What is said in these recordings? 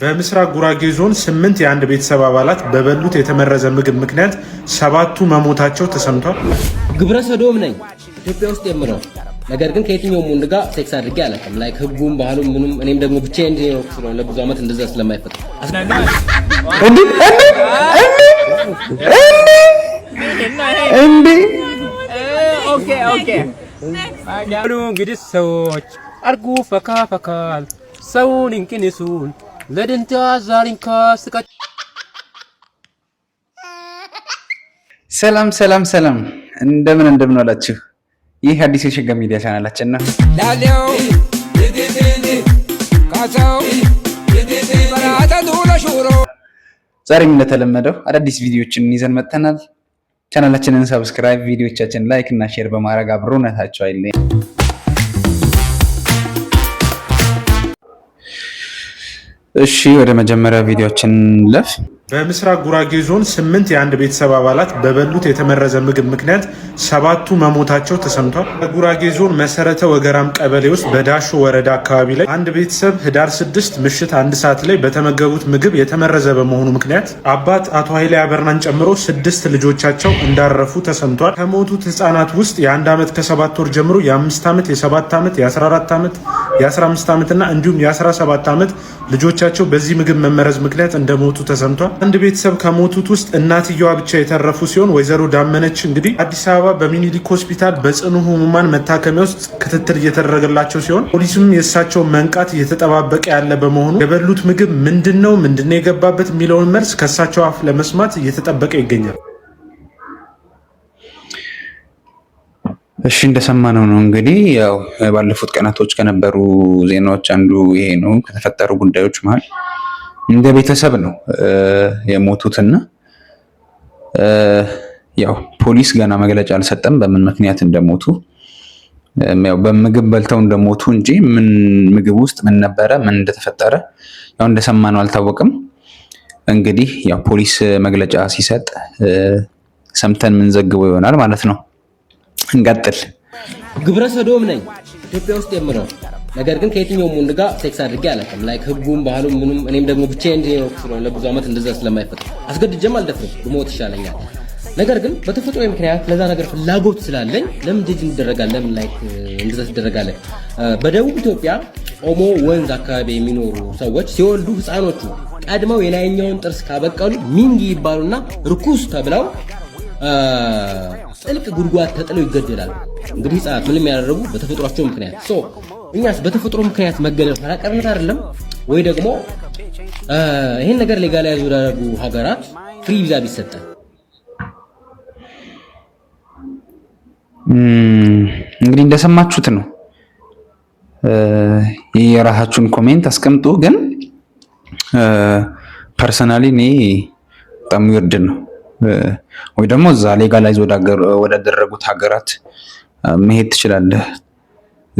በምስራቅ ጉራጌ ዞን ስምንት የአንድ ቤተሰብ አባላት በበሉት የተመረዘ ምግብ ምክንያት ሰባቱ መሞታቸው ተሰምቷል። ግብረ ሰዶም ነኝ ኢትዮጵያ ውስጥ የምለው ነገር ግን ከየትኛውም ወንድ ጋር ሴክስ አድርጌ አላውቅም። ላይ ህጉም ባህሉም ምኑም እኔም ደግሞ ብቻ እንዲ ስለሆነ ለብዙ ዓመት እንደዛ ስለማይፈጥ እንግዲህ ሰዎች አርጉ ፈካ ፈካል ሰውን እንቅንሱል ለደንታ ዛሬን ካስተቀጭ ሰላም ሰላም ሰላም፣ እንደምን እንደምን አላችሁ? ይህ አዲስ የሸገ ሚዲያ ቻናላችን ነው። ዛሬም እንደተለመደው አዳዲስ ቪዲዮዎችን ይዘን መጥተናል። ቻናላችንን ሰብስክራይብ፣ ቪዲዮዎቻችን ላይክ እና ሼር በማድረግ አብሮነታቸው አይለኝ እሺ ወደ መጀመሪያ ቪዲዮችን ለፍ በምስራቅ ጉራጌ ዞን ስምንት የአንድ ቤተሰብ አባላት በበሉት የተመረዘ ምግብ ምክንያት ሰባቱ መሞታቸው ተሰምቷል። በጉራጌ ዞን መሰረተ ወገራም ቀበሌ ውስጥ በዳሾ ወረዳ አካባቢ ላይ አንድ ቤተሰብ ህዳር ስድስት ምሽት አንድ ሰዓት ላይ በተመገቡት ምግብ የተመረዘ በመሆኑ ምክንያት አባት አቶ ኃይሌ አበርናን ጨምሮ ስድስት ልጆቻቸው እንዳረፉ ተሰምቷል። ከሞቱት ህጻናት ውስጥ የአንድ ዓመት ከሰባት ወር ጀምሮ የአምስት ዓመት የሰባት ዓመት የአስራ አራት ዓመት የ15 ዓመትና እንዲሁም የ17 ዓመት ልጆቻቸው በዚህ ምግብ መመረዝ ምክንያት እንደሞቱ ተሰምቷል። አንድ ቤተሰብ ከሞቱት ውስጥ እናትየዋ ብቻ የተረፉ ሲሆን ወይዘሮ ዳመነች እንግዲህ አዲስ አበባ በሚኒሊክ ሆስፒታል በጽኑ ህሙማን መታከሚያ ውስጥ ክትትል እየተደረገላቸው ሲሆን ፖሊስም የእሳቸው መንቃት እየተጠባበቀ ያለ በመሆኑ የበሉት ምግብ ምንድን ነው ምንድን ነው የገባበት የሚለውን መልስ ከእሳቸው አፍ ለመስማት እየተጠበቀ ይገኛል። እሺ እንደሰማነው ነው እንግዲህ ያው ባለፉት ቀናቶች ከነበሩ ዜናዎች አንዱ ይሄ ነው። ከተፈጠሩ ጉዳዮች መሀል እንደ ቤተሰብ ነው የሞቱትና ያው ፖሊስ ገና መግለጫ አልሰጠም በምን ምክንያት እንደሞቱ። ያው በምግብ በልተው እንደሞቱ እንጂ ምን ምግብ ውስጥ ምን ነበረ ምን እንደተፈጠረ ያው እንደሰማነው አልታወቅም። እንግዲህ ያው ፖሊስ መግለጫ ሲሰጥ ሰምተን ምንዘግበው ይሆናል ማለት ነው። እንቀጥል። ግብረ ሰዶም ነኝ ኢትዮጵያ ውስጥ የምኖር ነገር ግን ከየትኛውም ወንድ ጋር ሴክስ አድርጌ አላውቅም። ላይክ ህጉም ባህሉም ምኑም። እኔም ደግሞ ብቻ ወቅት ስለሆነ ለብዙ ዓመት እንደዛ ስለማይፈጥ አስገድጀም አልደፍርም፣ ብሞት ይሻለኛል። ነገር ግን በተፈጥሮ ምክንያት ለዛ ነገር ፍላጎት ስላለኝ ለምን ጅጅ እንደረጋለን፣ ለምን ላይክ እንደዛ ትደረጋለን? በደቡብ ኢትዮጵያ ኦሞ ወንዝ አካባቢ የሚኖሩ ሰዎች ሲወልዱ ህፃኖቹ ቀድመው የላይኛውን ጥርስ ካበቀሉ ሚንጊ ይባሉና ርኩስ ተብለው ጥልቅ ጉድጓድ ተጥለው ይገደላሉ። እንግዲህ ህጻናት ምንም ያደረጉ በተፈጥሯቸው ምክንያት። እኛስ በተፈጥሮ ምክንያት መገደል ኋላቀርነት አይደለም ወይ? ደግሞ ይህን ነገር ሌጋላይዝ ያደረጉ ሀገራት ፍሪ ቪዛ ቢሰጠ እንግዲህ እንደሰማችሁት ነው። የራሳችሁን ኮሜንት አስቀምጡ። ግን ፐርሰናሊ እኔ በጣም ይወርድ ነው ወይ ደግሞ እዛ ሌጋላይዝ ወዳደረጉት ሀገራት መሄድ ትችላለህ።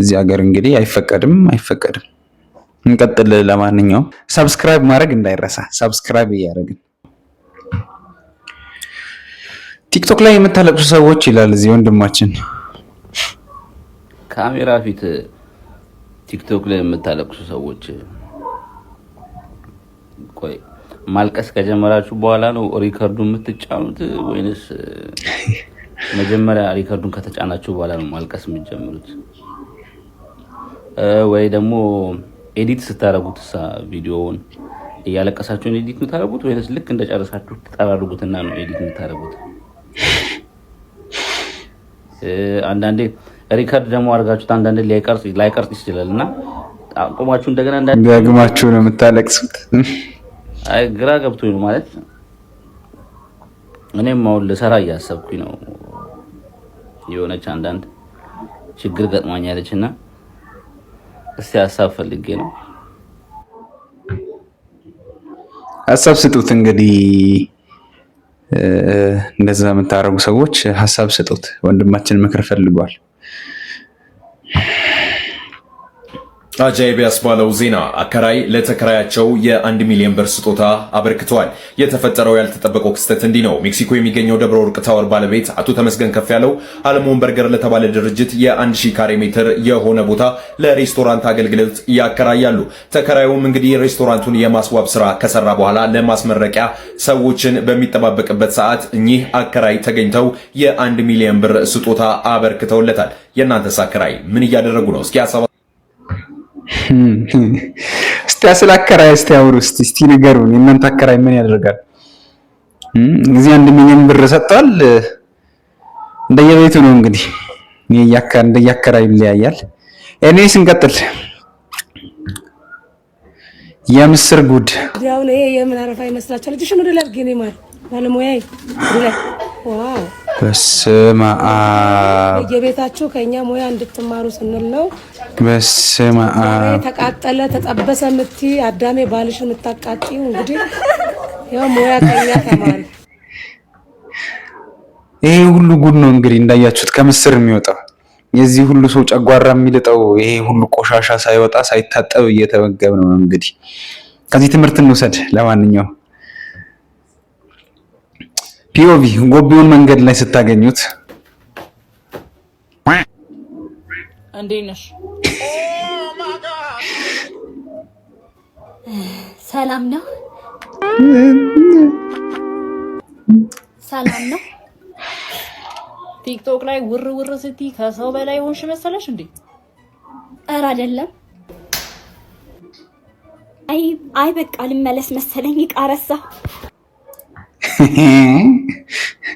እዚህ ሀገር እንግዲህ አይፈቀድም አይፈቀድም። እንቀጥል። ለማንኛውም ሰብስክራይብ ማድረግ እንዳይረሳ፣ ሰብስክራይብ እያደረግን ቲክቶክ ላይ የምታለቅሱ ሰዎች ይላል እዚህ ወንድማችን ካሜራ ፊት ቲክቶክ ላይ የምታለቅሱ ሰዎች ቆይ ማልቀስ ከጀመራችሁ በኋላ ነው ሪከርዱን የምትጫኑት ወይንስ መጀመሪያ ሪከርዱን ከተጫናችሁ በኋላ ነው ማልቀስ የምትጀምሩት? ወይ ደግሞ ኤዲት ስታደረጉት ሳ ቪዲዮውን እያለቀሳችሁን ኤዲት የምታደረጉት ወይንስ ልክ እንደጨረሳችሁ ትጠራርጉትና ነው ኤዲት የምታደረጉት? አንዳንዴ ሪከርድ ደግሞ አድርጋችሁት አንዳንዴ ላይቀርጽ ይችላል እና አቁማችሁ እንደገና ደግማችሁ ነው የምታለቅሱት። አይ ግራ ገብቶኝ ነው ማለት እኔም አሁን ልሰራ እያሰብኩኝ ነው። የሆነች አንዳንድ ችግር ገጥማኛለች እና እስቲ ሀሳብ ፈልጌ ነው። ሀሳብ ስጡት እንግዲህ እንደዛ የምታደርጉ ሰዎች ሀሳብ ስጡት። ወንድማችን ምክር ፈልጓል። ቢያስ ባለው ዜና አከራይ ለተከራያቸው የአንድ ሚሊዮን ብር ስጦታ አበርክተዋል። የተፈጠረው ያልተጠበቀው ክስተት እንዲህ ነው። ሜክሲኮ የሚገኘው ደብረ ወርቅ ታወር ባለቤት አቶ ተመስገን ከፍ ያለው አለሞን በርገር ለተባለ ድርጅት የ1000 ካሬ ሜትር የሆነ ቦታ ለሬስቶራንት አገልግሎት ያከራያሉ። ተከራዩም እንግዲህ ሬስቶራንቱን የማስዋብ ስራ ከሰራ በኋላ ለማስመረቂያ ሰዎችን በሚጠባበቅበት ሰዓት እኚህ አከራይ ተገኝተው የአንድ ሚሊዮን ብር ስጦታ አበርክተውለታል። የእናንተስ አከራይ ምን እያደረጉ ነው? እስኪ እስቲ ስለ አከራይ እስቲ አውሩ እስቲ እስቲ ንገሩን። የእናንተ አከራይ ምን ያደርጋል? እዚህ አንድ ሚሊዮን ብር ሰጥቷል። እንደየቤቱ ነው እንግዲህ እንደየአከራይ ይለያያል። እኔ ስንቀጥል የምስር ጉድ ያው ነው የምን አረፋ ይመስላችኋል? ልጅሽን ወደ ላይ ባለሙያዬ በስመ አብ በየቤታችሁ ከእኛ ሙያ እንድትማሩ ስንል ነው። በስመ አብ ተቃጠለ ተጠበሰ ምቲ አዳሜ ባልሽ የምታቃጢው እንግዲህ ያው ሙያ ከእኛ ተማሪ። ይሄ ሁሉ ጉድ ነው እንግዲህ እንዳያችሁት ከምስር የሚወጣው የዚህ ሁሉ ሰው ጨጓራ የሚልጠው ይሄ ሁሉ ቆሻሻ ሳይወጣ ሳይታጠብ እየተመገብ ነው። እንግዲህ ከዚህ ትምህርት እንውሰድ ለማንኛውም ፒኦቪ ጎቢውን መንገድ ላይ ስታገኙት እንዴት ነሽ? ሰላም ነው፣ ሰላም ነው። ቲክቶክ ላይ ውር ውር ስትይ ከሰው በላይ ሆንሽ መሰለሽ እንዴ? ኧረ አይደለም። አይ አይ፣ በቃ ልመለስ መሰለኝ። ቃረሳ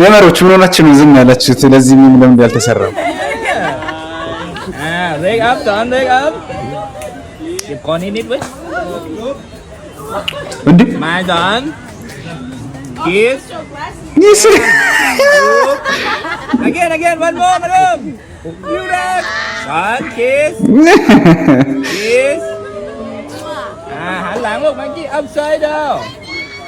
መመሮች ምን ሆናችሁ ነው ዝም ያላችሁ? ስለዚህ ምን ለምን ያልተሰራው? หันหลังลูกมังกี้ upside down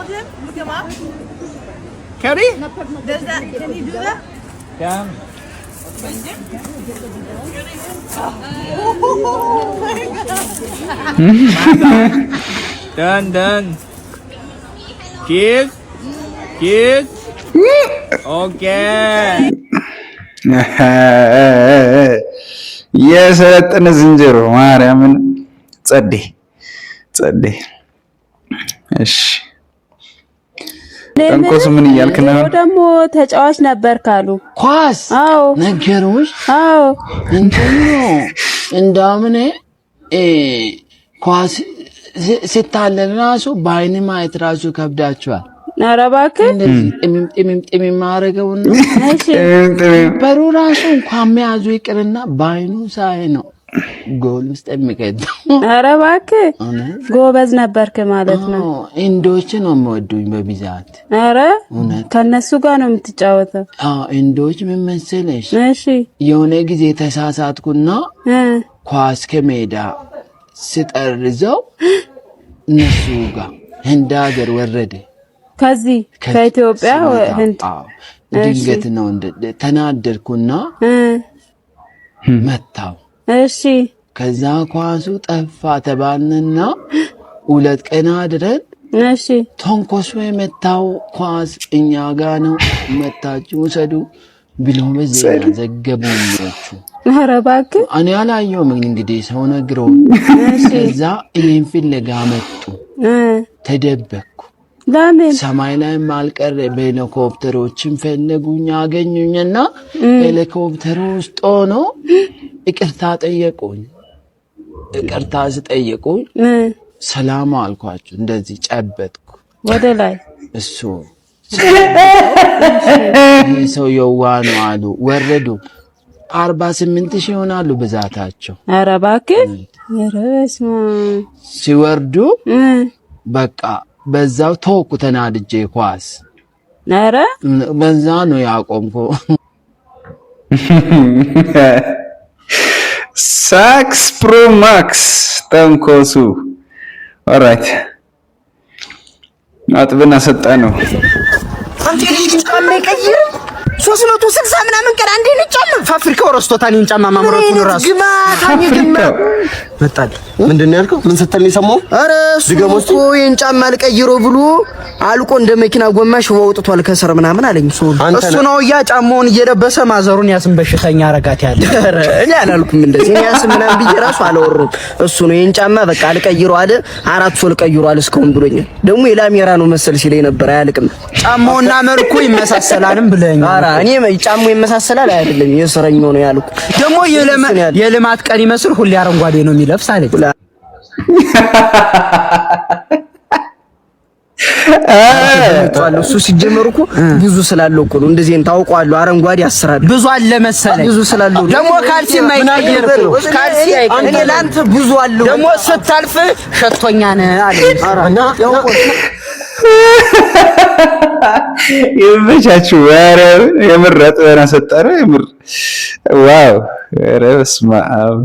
hold him? Look him up? Does that, can he do that? Yeah. Dan dan. Kiss, kiss. Okay. የሰለጠነ ዝንጀሮ ማርያምን ጸዴ ጸዴ። እሺ ጠንቆስ ምን እያልክ ነው? ደግሞ ተጫዋች ነበር ካሉ ኳስ አዎ፣ ነገሮች አዎ፣ እንዳምን ኳስ ሲታለል ራሱ በአይን ማየት ራሱ ከብዳቸዋል። ኧረ እባክህ ጥምም ማረገውና በሩ ራሱ እንኳን መያዙ ይቅርና በአይኑ ሳይ ነው ጎል ውስጥ የሚቀጠው ኧረ እባክህ ጎበዝ ነበርክ ማለት ነው። ኢንዶች ነው የምወዱኝ በብዛት። ኧረ ከነሱ ጋር ነው የምትጫወተው? አዎ እንዶች ምን መሰለሽ፣ እሺ የሆነ ጊዜ ተሳሳትኩና ኳስ ከሜዳ ስጠርዘው እነሱ ጋር ህንድ ሀገር ወረደ። ከዚህ ከኢትዮጵያ ህንድ ድንገት ነው ተናደድኩና መታው እሺ ከዛ ኳሱ ጠፋ ተባልንና ሁለት ቀን አድረን እሺ ተንኮሱ የመታው ኳስ እኛ ጋ ነው መታችሁ ውሰዱ ብሎ በዜና ዘገቡኞቹ። ኧረ እባክህ እኔ አላየሁም፣ እንግዲህ ሰው ነግሮ ከዛ እኔን ፍለጋ መጡ። ተደበኩ። ለምን ሰማይ ላይ አልቀረ በሄሊኮፕተሮችን ፈለጉኝ፣ አገኙኝና ሄሊኮፕተሩ ውስጥ ሆኖ ይቅርታ ጠየቁኝ። ይቅርታ ስጠየቁኝ ሰላም አልኳችሁ። እንደዚህ ጨበጥኩ ወደ ላይ እሱ ሰው የዋ ነው አሉ። ወረዱ። አርባ ስምንት ሺህ ይሆናሉ ብዛታቸው። ኧረ እባክህ ሲወርዱ በቃ በዛው ተወኩ። ተናድጄ ኳስ ኧረ በዛ ነው ያቆምኩ። Sax Pro Max ተንኮሱ ኦራይት አጥብና ሰጠ ነው። ሶስት መቶ ስልሳ ምናምን ቀን አንዴ ጫማ ፋብሪካው ረስቶታል። ይሄን ጫማ ማምረቱን ራሱ ምንድን ነው ያልከው? ምን ስትል የሰማው? ኧረ እሱ ይሄን ጫማ ልቀይሮ ብሎ አልቆ እንደ መኪና ጎማሽ ወውጥቷል ከስር ምናምን አለኝ። እሱ ነው ያ ጫማውን እየለበሰ ማዘሩን ያስም በሽተኛ አረጋት ያለ እኔ አላልኩም እንደዚህ እኔ ያስም ምናምን ብዬ ራሱ አላወራሁም። እሱ ነው ይሄን ጫማ በቃ ልቀይሮ አለ። አራት ሶል ቀይሮ እስካሁን ብሎኛል። ደግሞ የላሜራ ነው መሰል ሲለኝ ነበር። አያልቅም ጫማውና መልኩ ይመሳሰላልም ብለኛል። እኔ ጫሙ ይመሳሰላል አይደለም የስረኞ ነው ያልኩ። ደግሞ የልማት ቀን ይመስል ሁሌ አረንጓዴ ነው የሚለብስ አለኝ። እሱ ሲጀመር እኮ ብዙ ስላለው እኮ ነው እንደዚህ ታውቀዋለሁ። አረንጓዴ አስራለሁ ብዙ አለ መሰለኝ ብዙ ስላለው ደግሞ ካልሲ የማይቀየር ካልሲ እኔ ላንተ ብዙ አለው ደግሞ ስታልፍ ሸቶኛ ነህ አለኝ። የመቻችሁ ኧረ የምር አጥበና ሰጠረ የምር ዋው! ኧረ በስመ አብ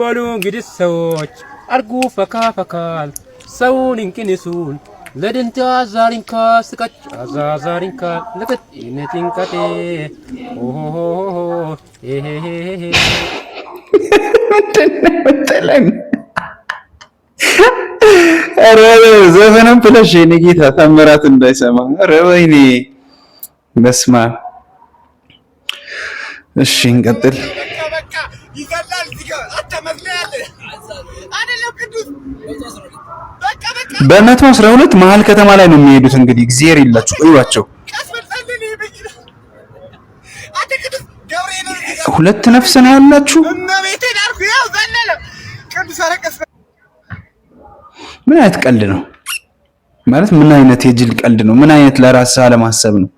በሉ እንግዲህ ሰዎች አርጉ ፈካ ፈካል ሰውን ሱን ለድንት አዛሪንካ ስቀጭ አዛዛሪንካ ልቅጥ ኢነቲንቀቴ ምንድነው ኧረ ዘፈንም ብለሽ ንጌታ ጌታ ታምራት እንዳይሰማ ኧረ ወይኔ በስመ እሺ እንቀጥል ይገላል አይደለም ቅዱስ በመቶ አስራ ሁለት መሀል ከተማ ላይ ነው የሚሄዱት። እንግዲህ እግዚአብሔር ይላችሁ እዩዋቸው። ሁለት ነፍስ ነው ያላችሁ። ምን አይነት ቀልድ ነው ማለት? ምን አይነት የጅል ቀልድ ነው? ምን አይነት ለራስህ አለማሰብ ነው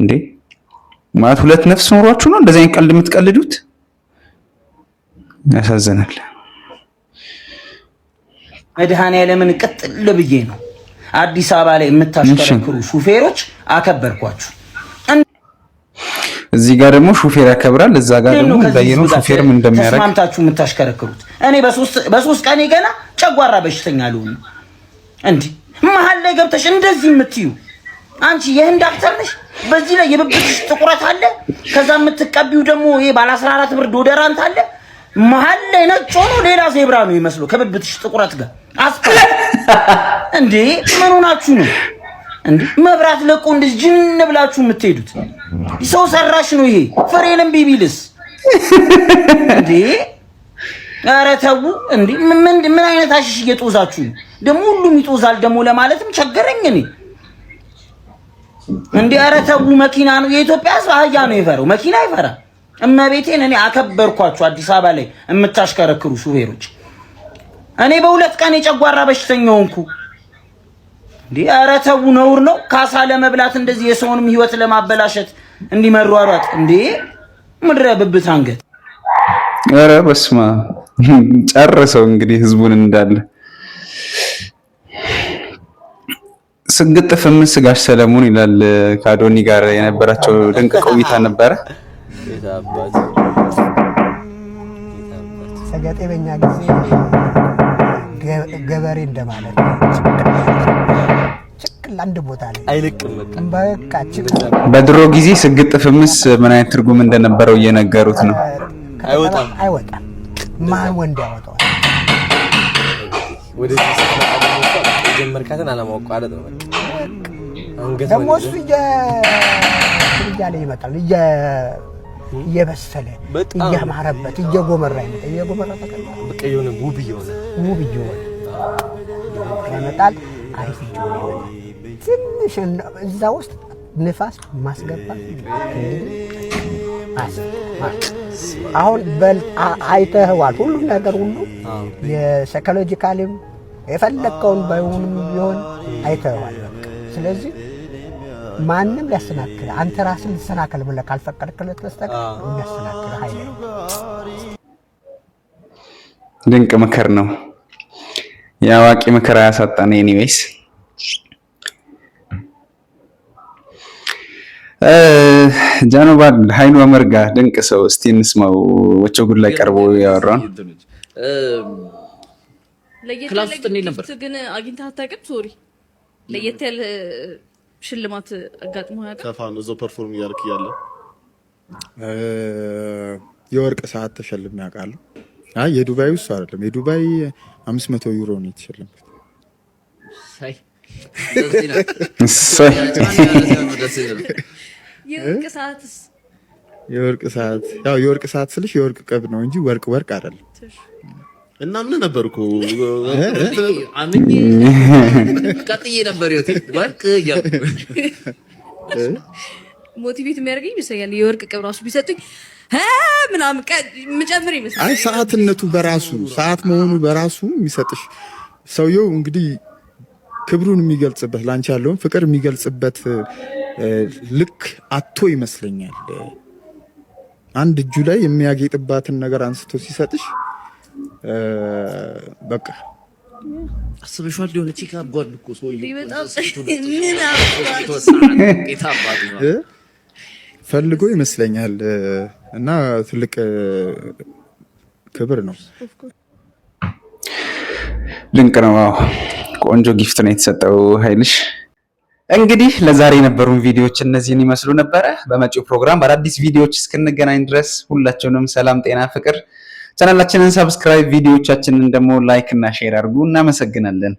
እንዴ? ማለት ሁለት ነፍስ ኖሯችሁ ነው እንደዚህ አይነት ቀልድ የምትቀልዱት? ያሳዝናል። መድኃኔዓለምን ቅጥል ብዬ ነው አዲስ አበባ ላይ የምታሽከረክሩ ሹፌሮች አከበርኳችሁ። እዚህ ጋር ደግሞ ሹፌር ያከብራል፣ እዛ ጋር ደግሞ እንዳየነው ሹፌርም እንደሚያደርግ ተስማምታችሁ የምታሽከረክሩት። እኔ በሶስት ቀኔ ገና ጨጓራ በሽተኛ ልሆን እንዲ መሀል ላይ ገብተሽ እንደዚህ የምትዩ አንቺ የህንድ አክተር ነሽ። በዚህ ላይ የብብትሽ ጥቁረት አለ። ከዛ የምትቀቢው ደግሞ ይሄ ባለ 14 ብር ዶደራንት አለ። መሀል ላይ ነጭ ሆኖ ሌላ ዜብራ ነው ይመስለው ከብብትሽ ጥቁረት ጋር አስፋ እንዴ! ምን ሆናችሁ ነው እንዴ? መብራት ለቁ እንደዚህ ጅን ብላችሁ የምትሄዱት ሰው ሰራሽ ነው ይሄ። ፍሬንም ቢቢልስ እንዴ! ኧረ ተው እንዴ! ምን ምን አይነት አሽሽ እየጦዛችሁ ነው? ደግሞ ሁሉም ይጦዛል ደግሞ ለማለትም ቸገረኝ እኔ እንዴ! ኧረ ተው መኪና ነው የኢትዮጵያ ህዝብ አህያ ነው ይፈረው መኪና ይፈራል። እመቤቴን እኔ አከበርኳችሁ። አዲስ አበባ ላይ የምታሽከረክሩ ሹፌሮች እኔ በሁለት ቀን የጨጓራ በሽተኛ ሆንኩ። እንዲህ ኧረ ተው፣ ነውር ነው። ካሳ ለመብላት እንደዚህ የሰውንም ህይወት ለማበላሸት እንዲመሯሯጥ እንዴ! ምድረ ብብት አንገት። ኧረ በስማ ጨርሰው እንግዲህ ህዝቡን እንዳለ ስግጥ ፍምስ ጋሽ ሰለሞን ይላል። ከአዶኒ ጋር የነበራቸው ድንቅ ቆይታ ነበረ። ሰገጤ በእኛ ጊዜ ገበሬ እንደማለት ችክል አንድ ቦታ ላይ አይልቅም። በቃ በድሮ ጊዜ ስግጥ ፍምስ ምን አይነት ትርጉም እንደነበረው እየነገሩት ነው። አይወጣም አይወጣም። ማን ወንድ ያወጣዋል? ወደዚህ የጀመርካትን ነው። ደግሞ እሱ እያለ ይመጣል። እየበሰለ እያማረበት እየጎመራ ይመጣ እየጎመራ በቃ የሆነ ውብ እየሆነ ውብ እየሆነ ያመጣል። አሪፍ እየሆነ ትንሽ እዛ ውስጥ ንፋስ ማስገባት አሁን አይተህዋል። ሁሉም ነገር ሁሉ የሳይኮሎጂካልም የፈለግከውን ባይሆንም ቢሆን አይተህዋል። ስለዚህ ማንም ሊያሰናክል አንተ ራስህ ልትሰናከል ብለህ ካልፈቀድክለት በስተቀር የሚያሰናክል ኃይል ድንቅ ምክር ነው። የአዋቂ ምክር አያሳጣን። ኤኒዌይስ ጃኖባድ ሀይሉ አመርጋ ድንቅ ሰው። እስቲ እንስማው ወቸው ጉድ ላይ ቀርቦ ያወራውን ለየት ያለ ግን አግኝተህ አታውቅም። ሶሪ ለየት ያለ ሽልማት አጋጥሞ ከፋን እዛው ፐርፎርም እያደረክ እያለ የወርቅ ሰዓት ተሸልም ያውቃሉ? አይ የዱባይ ውስጥ አይደለም፣ የዱባይ አምስት መቶ ዩሮ ነው የተሸለምኩት። የወርቅ ሰዓት ያው የወርቅ ሰዓት ስልሽ የወርቅ ቅብ ነው እንጂ ወርቅ ወርቅ አይደለም። እና ምን ነበር እኮ አምኜ ቀጥዬ ነበር ወርቅ ሞቲቬት የሚያደርገኝ ይመስለኛል። የወርቅ ቅብ ራሱ ቢሰጡኝ ምናምን ምጨምር ይመስለኛል። አይ ሰዓትነቱ በራሱ ሰዓት መሆኑ በራሱ የሚሰጥሽ ሰውየው እንግዲህ ክብሩን የሚገልጽበት ላንቺ ያለውን ፍቅር የሚገልጽበት ልክ አቶ ይመስለኛል። አንድ እጁ ላይ የሚያጌጥባትን ነገር አንስቶ ሲሰጥሽ በቃ አስበሽዋል ሊሆነ ቼክ አድርጓል እኮ ሰውዬው ፈልጎ ይመስለኛል። እና ትልቅ ክብር ነው። ድንቅ ነው። ቆንጆ ጊፍት ነው የተሰጠው ኃይልሽ። እንግዲህ ለዛሬ የነበሩን ቪዲዮዎች እነዚህን ይመስሉ ነበረ። በመጪው ፕሮግራም በአዳዲስ ቪዲዮዎች እስክንገናኝ ድረስ ሁላቸውንም ሰላም፣ ጤና፣ ፍቅር ቻናላችንን ሰብስክራይብ፣ ቪዲዮዎቻችንን ደግሞ ላይክ እና ሼር አድርጉ። እናመሰግናለን።